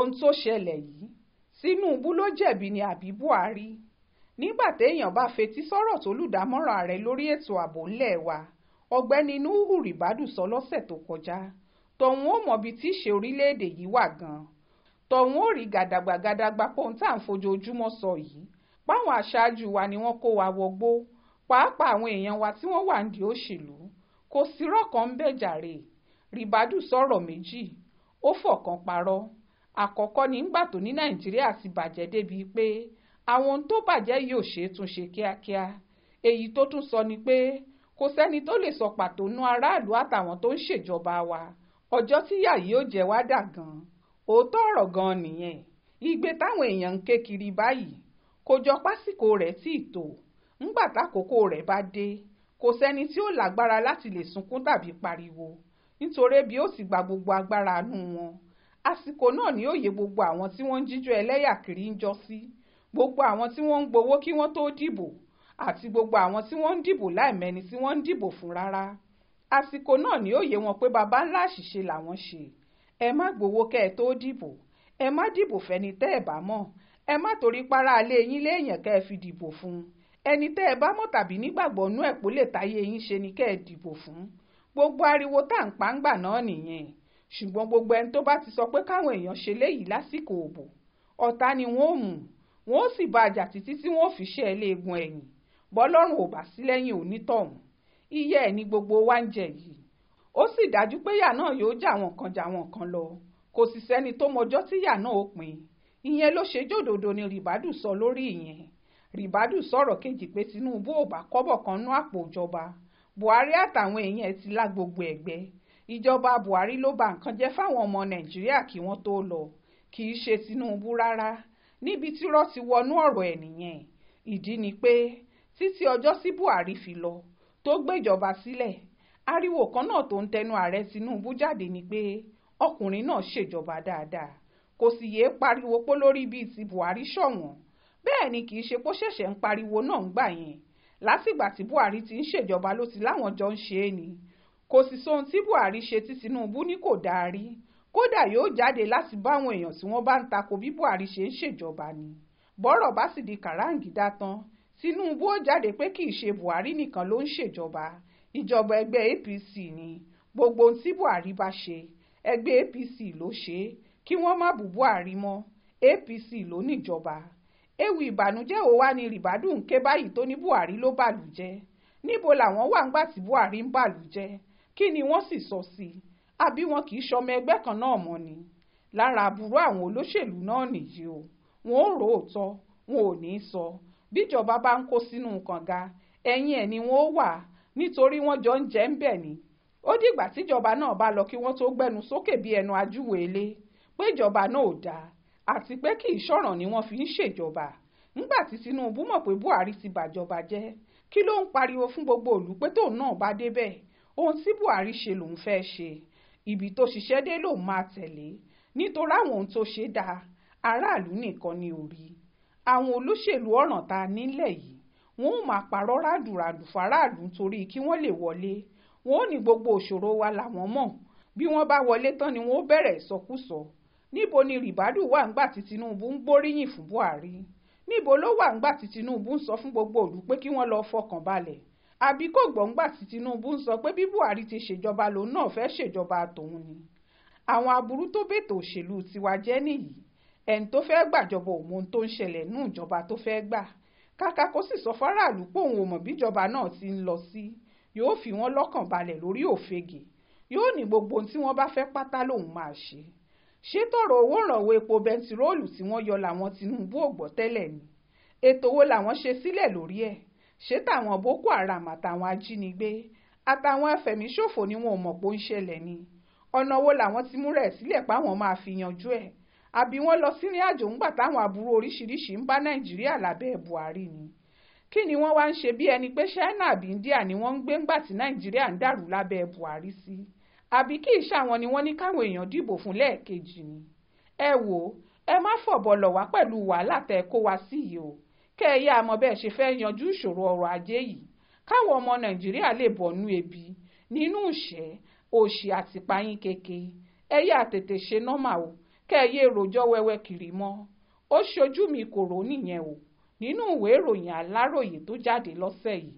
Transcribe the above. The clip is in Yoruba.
ohun tó ṣẹlẹ̀ yìí Tinubu ló jẹ̀bi ni àbí Buhari nígbà téèyàn bá fetí sọ́rọ̀ tó lùdámọ́ràn ààrẹ lórí ètò ààbò ńlẹ̀ wa ọ̀gbẹ́ni Nuhu Ribadu sọ lọ́sẹ̀ tó kọjá tọ̀hún ó mọ̀bi tí ìṣe orílẹ̀-èdè yìí wà gan-an tọ̀hún ó rí gàdàgbàgàdàgbà pohun tá à ń fojoojúmọ́ sọ yìí páwọn aṣáájú wa ni wọ́n kó wa wọgbó pàápàá àwọn èèyàn wa tí wọ́n wà ń di òṣèlú kò sírọ́ kan ń bẹ̀ Ribadu sọ̀rọ̀ méjì ó fọ̀kan parọ́ àkọ́kọ́ nígbà tó ní nàìjíríà ti bàjẹ́ débi pé àwọn ohun tó bàjẹ́ yóò ṣe é tún ṣe kíákíá èyí tó tún sọ ni pé kò sẹ́ni tó lè sọ pàtó nú aráàlú àtàwọn tó ń ṣèjọba wa ọjọ́ tí yà yóò jẹ́ wá dà gan òótọ́ ọ̀rọ̀ gan nìyẹn igbe táwọn èèyàn ń ké kiri báyìí kò jọ pásìkò rẹ̀ tí ì tò ńgbà tákòókò rẹ̀ bá dé kò sẹ́ni tí ó lágbára láti lè sunkún tàbí pariwo nítorí bí ó sì gba gbogbo agbára nú wọn àsìkò náà ni òye gbogbo àwọn tí wọ́n ń jíjó ẹlẹ́yà kiri ń jọ sí gbogbo àwọn tí wọ́n ń gbowó kí wọ́n tó dìbò àti gbogbo àwọn tí wọ́n ń dìbò láìmẹ́ni tí wọ́n ń dìbò fún rárá àsìkò náà ni òye wọn pé baba ńlá àṣìṣe làwọn ṣe ẹ má gbowó kẹ́ ẹ tó dìbò ẹ má dìbò fẹ́ni tẹ́ ẹ bá mọ̀ ẹ má torí para alé yín léèyàn kẹ́ ẹ fi dìbò fún ẹni tẹ́ ẹ bá mọ̀ tàbí nígbàgbọ́ nú ẹ̀ pó lè táyé yín ṣe ni kẹ́ ẹ dìbò fún gbogbo ariwo tá à ń pa náà nìyẹn ṣùgbọ́n gbogbo ẹni tó bá ti sọ pé káwọn èèyàn ṣe léyìí lásìkò òbò ọ̀tá ni wọ́n ò mú wọ́n sì bá a títí tí wọ́n fi ṣẹ́ ẹlẹ́gun ẹ̀yìn bọ́lọ́run ò bá sí lẹ́yìn onítọ̀hún iye ẹ̀ ni gbogbo wa ń jẹ yìí ó sì dájú pé yà náà yóò jà wọn kan jà wọn kan lọ kò sì sẹ́ni tó mọjọ́ tí yà náà ó pin ìyẹn ló ṣe jòdòdò ni ribadu sọ lórí ìyẹn ribadu sọ̀rọ̀ kejì pé Tinubu ò bá kọ́bọ̀ kan nú àpò ìjọba Buhari àtàwọn èèyàn ti lá gbogbo ẹ̀gbẹ́ ìjọba buhari ló ba nǹkan jẹ́ fáwọn ọmọ nàìjíríà kí wọ́n tó lọ kì í ṣe tinubu rárá níbi tírọ́ ti wọnú ọ̀rọ̀ ẹ̀ nìyẹn ìdí ni pé títí ọjọ́ sí buhari fi lọ tó gbéjọba sílẹ̀ ariwo kan náà tó ń tẹnu ààrẹ tinubu jáde ni pé ọkùnrin náà ṣèjọba dáadáa kò sì yéé pariwo pé lórí bíi ti buhari ṣọ̀wọ́n bẹ́ẹ̀ ni kì í ṣe pé ó ṣẹ̀ṣẹ̀ ń pariwo náà ń gbà yẹn látìgbà tí buhari ti ń ṣèjọba ló ti láwọn jọ ń ṣe é ni kò sì sóhun tí buhari ṣe tí tinubu ní kò dáa rí kódà yóò jáde láti bá àwọn èèyàn tí wọ́n bá ń tako bí buhari ṣe ń ṣèjọba ni bọ́rọ̀ bá sì di kàráǹgídá tán tinubu ó jáde pé kì í ṣe buhari nìkan ló ń ṣèjọba ìjọba ẹgbẹ́ apc ni gbogbo ohun tí buhari bá ṣe ẹgbẹ́ apc ló ṣe é kí wọ́n má bú buhari mọ́ apc ló níjọba ewu ìbànújẹ́ ò wá ní ribadu ń ké báyìí tó ní buhari ló bàlùjẹ́ níbo làwọn wà ń gbà tí buhari ń bàlùjẹ́ kí ni wọ́n sì sọ sí i àbí wọn kì í ṣọmọ ẹgbẹ́ kan náà mọ́ ni lára aburú àwọn olóṣèlú náà nìyí o wọn ò róòótọ́ wọn ò ní í sọ bíjọba bá ń kó sínú kànga ẹ̀yìn ẹ̀ ni wọ́n wà nítorí wọ́n jọ ń jẹ ń bẹ̀ ni ó dìgbà tíjọba náà bá lọ kí wọ́n tó gbẹnu sókè bí ẹnu ajúwèélé pé náà ò dáa àti pé kì í ṣọ̀ràn ni wọ́n fi ń ṣèjọba nígbà tí Tinubu mọ̀ pé Buhari ti bàjọba jẹ́ kí ló ń pariwo fún gbogbo òlú pé tóun náà bá débẹ̀ ohun tí buhari ṣe lòun fẹ́ ṣe ibi tó ṣiṣẹ́ dé lòun máa tẹ̀lé nítorí àwọn ohun tó ṣe dáa aráàlú nìkan ni ò rí àwọn olóṣèlú ọ̀ràn ta nílẹ̀ yìí wọn ò máa parọ́ ràdùràdù fáráàlú torí kí wọ́n lè wọlé wọn ò ní gbogbo òṣòro wa làwọn mọ̀ bí wọ́n bá wọlé tán ni wọ́n ó bẹ̀rẹ̀ ìsọkúsọ níbo ni ribadu wà ńgbà tí tinubu ń gbóríyìn fún buhari níbo ló wà ńgbà tí tinubu ń sọ fún gbogbo òlú pé kí wọ́n lọ fọkàn balẹ̀ àbí kò gbọ̀ngbà tí Tinubu ń sọ pé bí Buhari ti ṣèjọba lòun náà fẹ́ ṣèjọba tòun ni àwọn aburú tó bètò òṣèlú tiwa jẹ́ nìyí ẹni tó fẹ́ gbàjọba òun ohun tó ń ṣẹlẹ̀ nú ìjọba tó fẹ́ gbà kàkà kó sì sọ fáráàlú pé òun ò mọ̀ bíjọba náà ti ń lọ sí yóò fi wọ́n lọ́kàn balẹ̀ lórí òfegè yóò ní gbogbo tí wọ́n bá fẹ́ pátá lòun máa ṣe ṣé tọ̀rọ̀ owó ìrànwọ́ epo bẹntiróòlù tí wọ́n yọ làwọn Tinubu ògbọ́ tẹ́lẹ̀ ni ètò wo làwọn ṣe sílẹ̀ lórí ẹ̀ ṣé tàwọn boko haram àtàwọn ajínigbé àtàwọn afẹ̀míṣòfò ni wọn ò mọ̀ pé ó ń ṣẹlẹ̀ ni ọ̀nà wo làwọn ti múra ẹ̀ sílẹ̀ páwọn máa fi yanjú ẹ̀ àbí wọ́n lọ sínú àjò ńgbà táwọn aburú oríṣiríṣi ń bá nàìjíríà lábẹ́ buhari ni kí ni wọ́n wá ń ṣe bí ẹni pé china àbí india ni wọ́n ń gbé ńgbà tí nàìjíríà ń dàrú lábẹ́ buhari sí àbí kì í ṣàwọn ni wọ́n ní káwọn èèyàn dìbò fún lẹ́ẹ̀kejì ni ẹ wò ẹ má fọ̀bọ̀ wá pẹ̀lú wàhálà tẹ́ kó wá sí yìí o kẹ́ ẹ yá àmọ́ bẹ́ẹ̀ ṣe fẹ́ yanjú ìṣòro ọrọ̀ ajé yìí káwọn ọmọ nàìjíríà lè bọ̀nú ebi nínú ìṣẹ́ òṣì àtìpáyín keke ẹ yá tètè ṣe nọ́mà o kẹ́ ẹ yé rojọ́ wẹ́wẹ́ kiri mọ́ ó ṣojú mi kòrò nìyẹn o nínú ìwé ìròyìn aláròyé tó jáde lọ́sẹ̀ yìí